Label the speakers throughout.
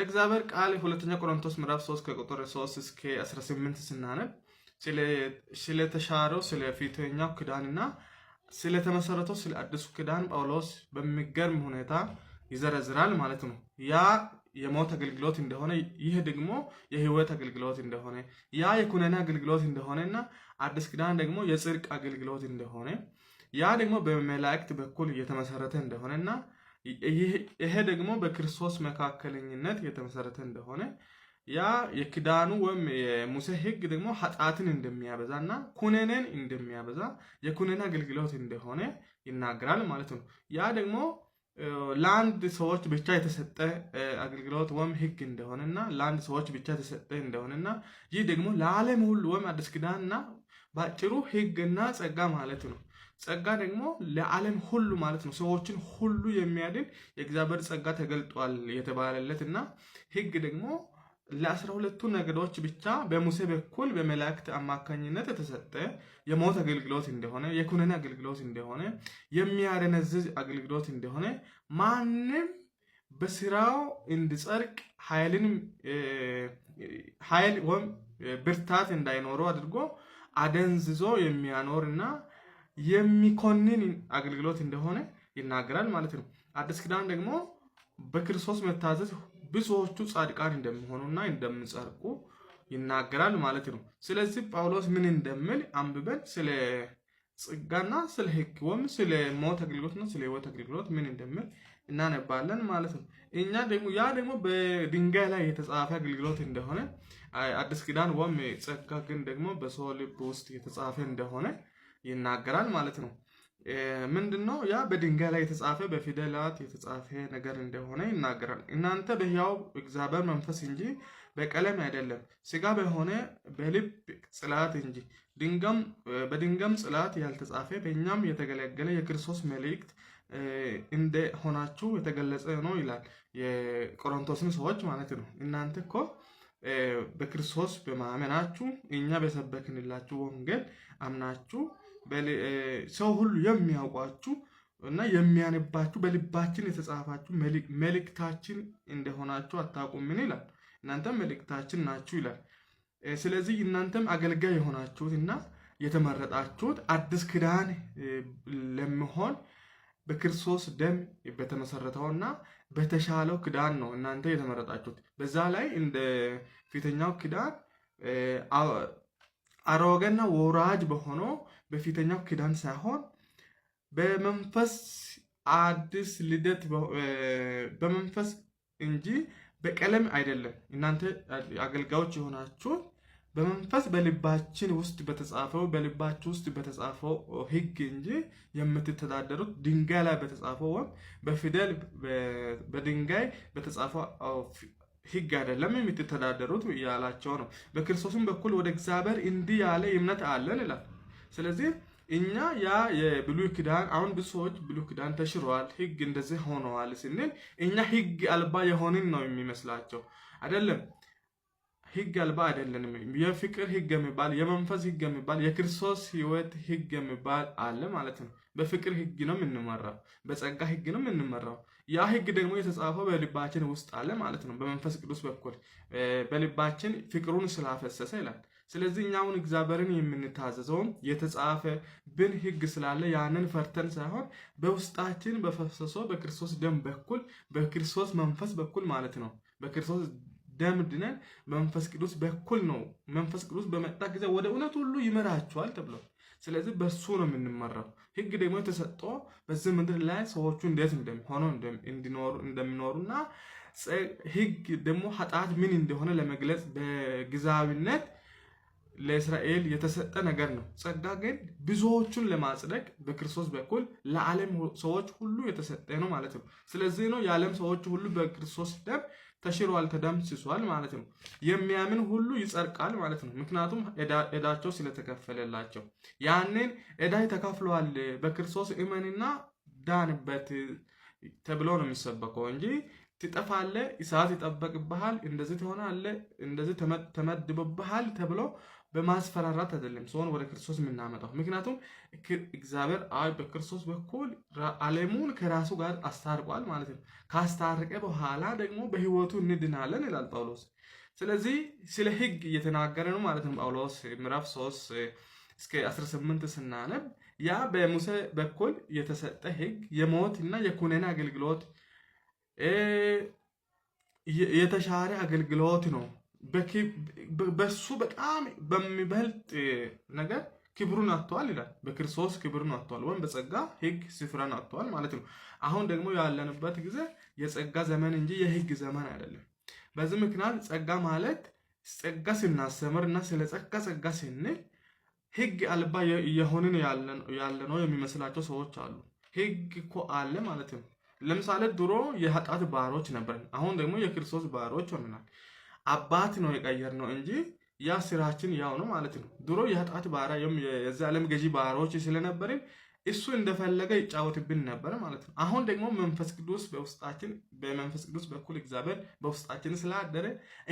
Speaker 1: ከእግዚአብሔር ቃል ሁለተኛ ቆሮንቶስ ምዕራፍ 3 ከቁጥር 3 እስከ 18 ስናነብ ስለተሻረው ስለ ፊተኛው ክዳንና ስለተመሰረተው ስለ አዲሱ ክዳን ጳውሎስ በሚገርም ሁኔታ ይዘረዝራል ማለት ነው። ያ የሞት አገልግሎት እንደሆነ፣ ይህ ደግሞ የህይወት አገልግሎት እንደሆነ፣ ያ የኩነኔ አገልግሎት እንደሆነ እና አዲስ ክዳን ደግሞ የጽድቅ አገልግሎት እንደሆነ፣ ያ ደግሞ በመላእክት በኩል እየተመሰረተ እንደሆነ እና ይሄ ደግሞ በክርስቶስ መካከለኝነት የተመሰረተ እንደሆነ ያ የክዳኑ ወይም የሙሴ ህግ ደግሞ ኃጢአትን እንደሚያበዛ እና ኩነኔን እንደሚያበዛ የኩነኔ አገልግሎት እንደሆነ ይናገራል ማለት ነው። ያ ደግሞ ለአንድ ሰዎች ብቻ የተሰጠ አገልግሎት ወይም ህግ እንደሆነና ለአንድ ሰዎች ብቻ የተሰጠ እንደሆነና ይህ ደግሞ ለዓለም ሁሉ ወይም አዲስ ኪዳንና በአጭሩ ህግና ጸጋ ማለት ነው። ጸጋ ደግሞ ለዓለም ሁሉ ማለት ነው፣ ሰዎችን ሁሉ የሚያድን የእግዚአብሔር ጸጋ ተገልጧል የተባለለት እና ሕግ ደግሞ ለአስራ ሁለቱ ነገዶች ብቻ በሙሴ በኩል በመላእክት አማካኝነት የተሰጠ የሞት አገልግሎት እንደሆነ፣ የኩነኔ አገልግሎት እንደሆነ፣ የሚያደነዝዝ አገልግሎት እንደሆነ ማንም በስራው እንዲጸድቅ ኃይልንም ኃይል ወይም ብርታት እንዳይኖረው አድርጎ አደንዝዞ የሚያኖር እና የሚኮንን አገልግሎት እንደሆነ ይናገራል ማለት ነው። አዲስ ኪዳን ደግሞ በክርስቶስ መታዘዝ ብዙዎቹ ጻድቃን እንደሚሆኑና እንደሚጸድቁ ይናገራል ማለት ነው። ስለዚህ ጳውሎስ ምን እንደሚል አንብበን ስለ ጸጋና ስለ ሕግ ወይም ስለ ሞት አገልግሎትና ስለ ሕይወት አገልግሎት ምን እንደሚል እናነባለን ማለት ነው። እኛ ደግሞ ያ ደግሞ በድንጋይ ላይ የተጻፈ አገልግሎት እንደሆነ አዲስ ኪዳን ወም ጸጋ ግን ደግሞ በሰው ልብ ውስጥ የተጻፈ እንደሆነ ይናገራል ማለት ነው። ምንድን ነው ያ በድንጋይ ላይ የተጻፈ በፊደላት የተጻፈ ነገር እንደሆነ ይናገራል። እናንተ በሕያው እግዚአብሔር መንፈስ እንጂ በቀለም አይደለም ስጋ በሆነ በልብ ጽላት እንጂ በድንጋም ጽላት ያልተጻፈ በእኛም የተገለገለ የክርስቶስ መልእክት እንደሆናችሁ የተገለጸ ነው ይላል። የቆሮንቶስን ሰዎች ማለት ነው። እናንተ እኮ በክርስቶስ በማመናችሁ እኛ በሰበክንላችሁ ወንጌል አምናችሁ ሰው ሁሉ የሚያውቋችሁ እና የሚያነባችሁ በልባችን የተጻፋችሁ መልእክታችን እንደሆናችሁ አታውቁምን ይላል። እናንተም መልእክታችን ናችሁ ይላል። ስለዚህ እናንተም አገልጋይ የሆናችሁት እና የተመረጣችሁት አዲስ ክዳን ለመሆን በክርስቶስ ደም በተመሰረተውና በተሻለው ክዳን ነው እናንተ የተመረጣችሁት። በዛ ላይ እንደ ፊተኛው ክዳን አሮጌና ወራጅ በሆነው በፊተኛው ኪዳን ሳይሆን በመንፈስ አዲስ ልደት በመንፈስ እንጂ በቀለም አይደለም። እናንተ አገልጋዮች የሆናችሁ በመንፈስ በልባችን ውስጥ በተጻፈው በልባችሁ ውስጥ በተጻፈው ሕግ እንጂ የምትተዳደሩት ድንጋይ ላይ በተጻፈው ወይም በፊደል በድንጋይ በተጻፈው ሕግ አይደለም የምትተዳደሩት ያላቸው ነው። በክርስቶስም በኩል ወደ እግዚአብሔር እንዲህ ያለ እምነት አለን ይላል። ስለዚህ እኛ ያ የብሉይ ክዳን አሁን ብዙ ሰዎች ብሉይ ክዳን ተሽሯል፣ ህግ እንደዚህ ሆነዋል ስንል እኛ ህግ አልባ የሆንን ነው የሚመስላቸው። አይደለም፣ ህግ አልባ አይደለንም። የፍቅር ህግ የሚባል የመንፈስ ህግ የሚባል የክርስቶስ ህይወት ህግ የሚባል አለ ማለት ነው። በፍቅር ህግ ነው የምንመራው፣ በጸጋ ህግ ነው የምንመራው። ያ ህግ ደግሞ የተጻፈው በልባችን ውስጥ አለ ማለት ነው። በመንፈስ ቅዱስ በኩል በልባችን ፍቅሩን ስላፈሰሰ ይላል ስለዚህ እኛ አሁን እግዚአብሔርን የተጻፈ የተጻፈብን ሕግ ስላለ ያንን ፈርተን ሳይሆን በውስጣችን በፈሰሰው በክርስቶስ ደም በኩል በክርስቶስ መንፈስ በኩል ማለት ነው። በክርስቶስ ደም ድነን በመንፈስ ቅዱስ በኩል ነው። መንፈስ ቅዱስ በመጣ ጊዜ ወደ እውነት ሁሉ ይመራቸዋል ተብሎ ስለዚህ በእሱ ነው የምንመራው። ህግ ደግሞ የተሰጠው በዚህ ምድር ላይ ሰዎቹ እንዴት እንደሚሆኑ ና ህግ ደግሞ ኃጢአት ምን እንደሆነ ለመግለጽ በጊዜያዊነት ለእስራኤል የተሰጠ ነገር ነው። ጸጋ ግን ብዙዎቹን ለማጽደቅ በክርስቶስ በኩል ለዓለም ሰዎች ሁሉ የተሰጠ ነው ማለት ነው። ስለዚህ ነው የዓለም ሰዎች ሁሉ በክርስቶስ ደም ተሽሯል፣ ተደምስሷል ማለት ነው። የሚያምን ሁሉ ይጸርቃል ማለት ነው። ምክንያቱም ዕዳቸው ስለተከፈለላቸው ያንን ዕዳ ተከፍለዋል፣ በክርስቶስ እመንና ዳንበት ተብሎ ነው የሚሰበከው እንጂ ትጠፋለህ፣ እሳት ይጠበቅብሃል፣ እንደዚህ ትሆናለህ፣ እንደዚህ ተመድቦብሃል ተብሎ በማስፈራራት አይደለም ሰውን ወደ ክርስቶስ የምናመጣው። ምክንያቱም እግዚአብሔር አይ በክርስቶስ በኩል ዓለሙን ከራሱ ጋር አስታርቋል ማለት ነው። ካስታረቀ በኋላ ደግሞ በህይወቱ እንድናለን ይላል ጳውሎስ። ስለዚህ ስለ ህግ እየተናገረ ነው ማለት ነው ጳውሎስ ምዕራፍ 3 እስከ 18 ስናነብ ያ በሙሴ በኩል የተሰጠ ህግ የሞት እና የኩነን አገልግሎት የተሻረ አገልግሎት ነው በሱ በጣም በሚበልጥ ነገር ክብሩን አጥተዋል ይላል። በክርስቶስ ክብሩን አጥተዋል ወይም በጸጋ ህግ ስፍራን አጥተዋል ማለት ነው። አሁን ደግሞ ያለንበት ጊዜ የጸጋ ዘመን እንጂ የህግ ዘመን አይደለም። በዚህ ምክንያት ጸጋ ማለት ጸጋ ስናሰምር እና ስለ ጸጋ ጸጋ ስንል ህግ አልባ የሆንን ያለነው የሚመስላቸው ሰዎች አሉ። ህግ እኮ አለ ማለት ነው። ለምሳሌ ድሮ የኃጢአት ባህሮች ነበርን፣ አሁን ደግሞ የክርስቶስ ባህሮች ሆነናል። አባት ነው የቀየር ነው እንጂ ያ ስራችን ያው ነው ማለት ነው። ድሮ የኃጢአት ባሪያ የዚ ዓለም ገዢ ባሪያዎች ስለነበርን እሱ እንደፈለገ ይጫወትብን ነበር ማለት ነው። አሁን ደግሞ መንፈስ ቅዱስ በውስጣችን በመንፈስ ቅዱስ በኩል እግዚአብሔር በውስጣችን ስላደረ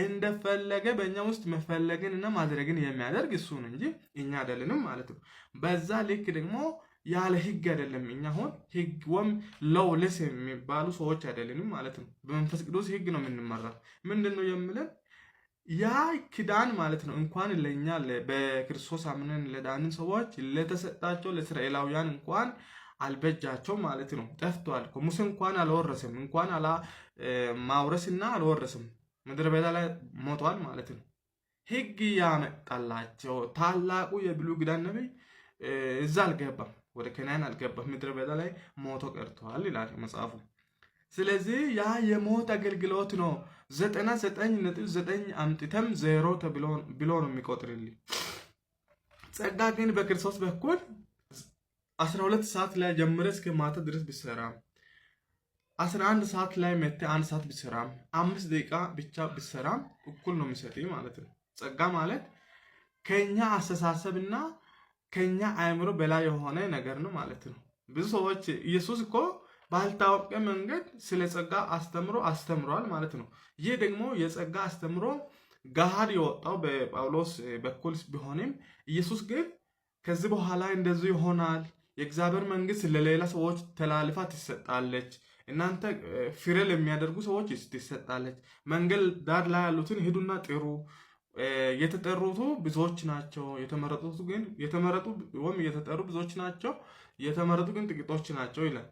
Speaker 1: እንደፈለገ በእኛ ውስጥ መፈለግን እና ማድረግን የሚያደርግ እሱ ነው እንጂ እኛ አይደለንም ማለት ነው። በዛ ልክ ደግሞ ያለ ህግ አይደለም። እኛ አሁን ህግ ወም ለው ለስ የሚባሉ ሰዎች አይደለንም ማለት ነው። በመንፈስ ቅዱስ ህግ ነው የምንመራ። ምንድን ነው የምለን ያ ኪዳን ማለት ነው። እንኳን ለእኛ በክርስቶስ አምነን ለዳንን ሰዎች ለተሰጣቸው ለእስራኤላውያን እንኳን አልበጃቸው ማለት ነው። ጠፍቷል። ሙሴ እንኳን አልወረስም እንኳን አላ ማውረስና አልወረስም ምድረ በዳ ላይ ሞቷል ማለት ነው። ህግ ያመጣላቸው ታላቁ የብሉይ ኪዳን ነቢይ እዛ አልገባም። ወደ ከናን አልገባም፣ ምድረ በዳ ላይ ሞቶ ቀርተዋል ይላል መጽሐፉ። ስለዚህ ያ የሞት አገልግሎት ነው። ዘጠና ዘጠኝ ነጥብ ዘጠኝ አምጥተም ዜሮ ተብሎ ነው የሚቆጥርልኝ። ጸጋ ግን በክርስቶስ በኩል አስራ ሁለት ሰዓት ላይ ጀምረ እስከ ማታ ድረስ ቢሰራም አስራ አንድ ሰዓት ላይ መተ አንድ ሰዓት ቢሰራም አምስት ደቂቃ ብቻ ቢሰራም እኩል ነው የሚሰጥ ማለት ነው። ጸጋ ማለት ከእኛ አስተሳሰብና ከኛ አእምሮ በላይ የሆነ ነገር ነው ማለት ነው። ብዙ ሰዎች ኢየሱስ እኮ ባልታወቀ መንገድ ስለ ጸጋ አስተምሮ አስተምሯል ማለት ነው። ይህ ደግሞ የጸጋ አስተምሮ ገሃድ የወጣው በጳውሎስ በኩል ቢሆንም ኢየሱስ ግን ከዚህ በኋላ እንደዚህ ይሆናል፣ የእግዚአብሔር መንግስት ለሌላ ሰዎች ተላልፋ ትሰጣለች፣ እናንተ ፍሬ ለሚያደርጉ ሰዎች ትሰጣለች፣ መንገድ ዳር ላይ ያሉትን ሂዱና ጥሩ የተጠሩቱ ብዙዎች ናቸው። የተመረጡት ግን የተመረጡ ወይም የተጠሩ ብዙዎች ናቸው፣ የተመረጡ ግን ጥቂቶች ናቸው ይላል።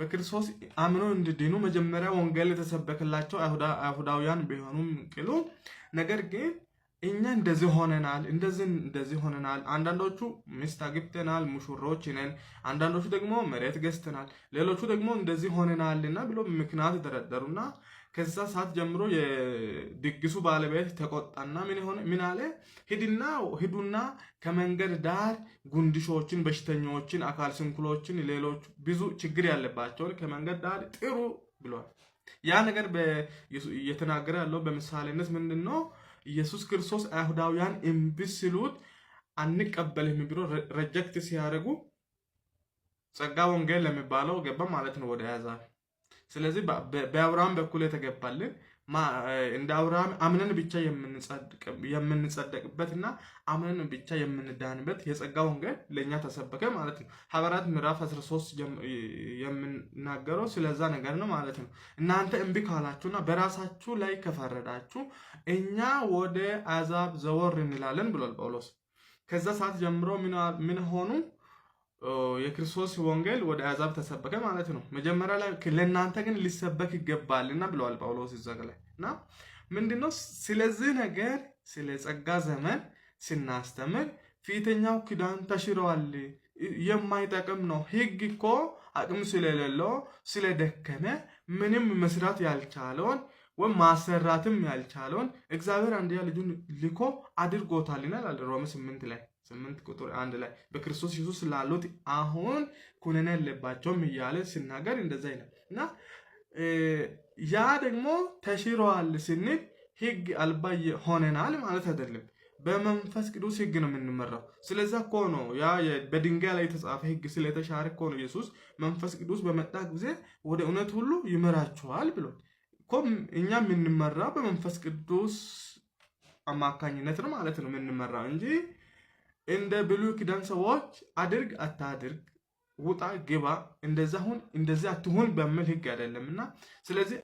Speaker 1: በክርስቶስ አምኖ እንዲድኑ መጀመሪያ ወንጌል የተሰበከላቸው አይሁዳውያን ቢሆኑም ቅሉ ነገር ግን እኛ እንደዚህ ሆነናል፣ እንደዚህ እንደዚህ ሆነናል። አንዳንዶቹ ሚስት አግብተናል፣ ሙሽሮች ነን። አንዳንዶቹ ደግሞ መሬት ገዝተናል፣ ሌሎቹ ደግሞ እንደዚህ ሆነናልና ብሎ ምክንያት ተደረደሩና ከዛ ሰዓት ጀምሮ የድግሱ ባለቤት ተቆጣና ምን ሆነ? ምን አለ? ሂድና ሂዱና ከመንገድ ዳር ጉንድሾችን፣ በሽተኞችን፣ አካል ስንኩሎችን፣ ሌሎች ብዙ ችግር ያለባቸውን ከመንገድ ዳር ጥሩ ብሏል። ያ ነገር እየተናገረ ያለው በምሳሌነት ምንድን ነው? ኢየሱስ ክርስቶስ አይሁዳውያን እምቢ ሲሉት አንቀበልም ብሎ ረጀክት ሲያደርጉ ጸጋ ወንጌል ለሚባለው ገባ ማለት ነው ወደ ያዛል ስለዚህ በአብርሃም በኩል የተገባልን እንደ አብርሃም አምነን ብቻ የምንጸደቅበት እና አምነን ብቻ የምንዳንበት የጸጋ ወንጌል ለእኛ ተሰበከ ማለት ነው። ሐዋርያት ምዕራፍ 13 የምናገረው ስለዛ ነገር ነው ማለት ነው። እናንተ እምቢ ካላችሁና በራሳችሁ ላይ ከፈረዳችሁ እኛ ወደ አዛብ ዘወር እንላለን ብሏል ጳውሎስ። ከዛ ሰዓት ጀምሮ ምን ሆኑ? የክርስቶስ ወንጌል ወደ አሕዛብ ተሰበከ ማለት ነው። መጀመሪያ ላይ ለእናንተ ግን ሊሰበክ ይገባልና ብለዋል ጳውሎስ እዚያ ላይ እና ምንድነው ስለዚህ ነገር ስለ ጸጋ ዘመን ስናስተምር ፊተኛው ኪዳን ተሽረዋል፣ የማይጠቅም ነው። ህግ እኮ አቅም ስለሌለው ስለደከመ ምንም መስራት ያልቻለውን ወይም ማሰራትም ያልቻለውን እግዚአብሔር አንድያ ልጁን ልኮ አድርጎታልና ሮሜ ስምንት ላይ ስምንት ቁጥር አንድ ላይ በክርስቶስ ኢየሱስ ላሉት አሁን ኩነኔ ያለባቸውም እያለ ሲናገር እንደዛ ይላል እና ያ ደግሞ ተሽሯል ስንል ህግ አልባ ሆነናል ማለት አይደለም። በመንፈስ ቅዱስ ህግ ነው የምንመራው። ስለዛ እኮ ነው ያ በድንጋይ ላይ የተጻፈ ህግ ስለተሻረ እኮ ነው ኢየሱስ መንፈስ ቅዱስ በመጣ ጊዜ ወደ እውነት ሁሉ ይመራችኋል ብሎ እኮ እኛ የምንመራው በመንፈስ ቅዱስ አማካኝነት ነው ማለት ነው የምንመራው እንጂ እንደ ብሉይ ኪዳን ሰዎች አድርግ አታድርግ ውጣ ግባ እንደዛ ሁን እንደዚህ አትሁን በሚል ህግ አይደለምና፣ ስለዚህ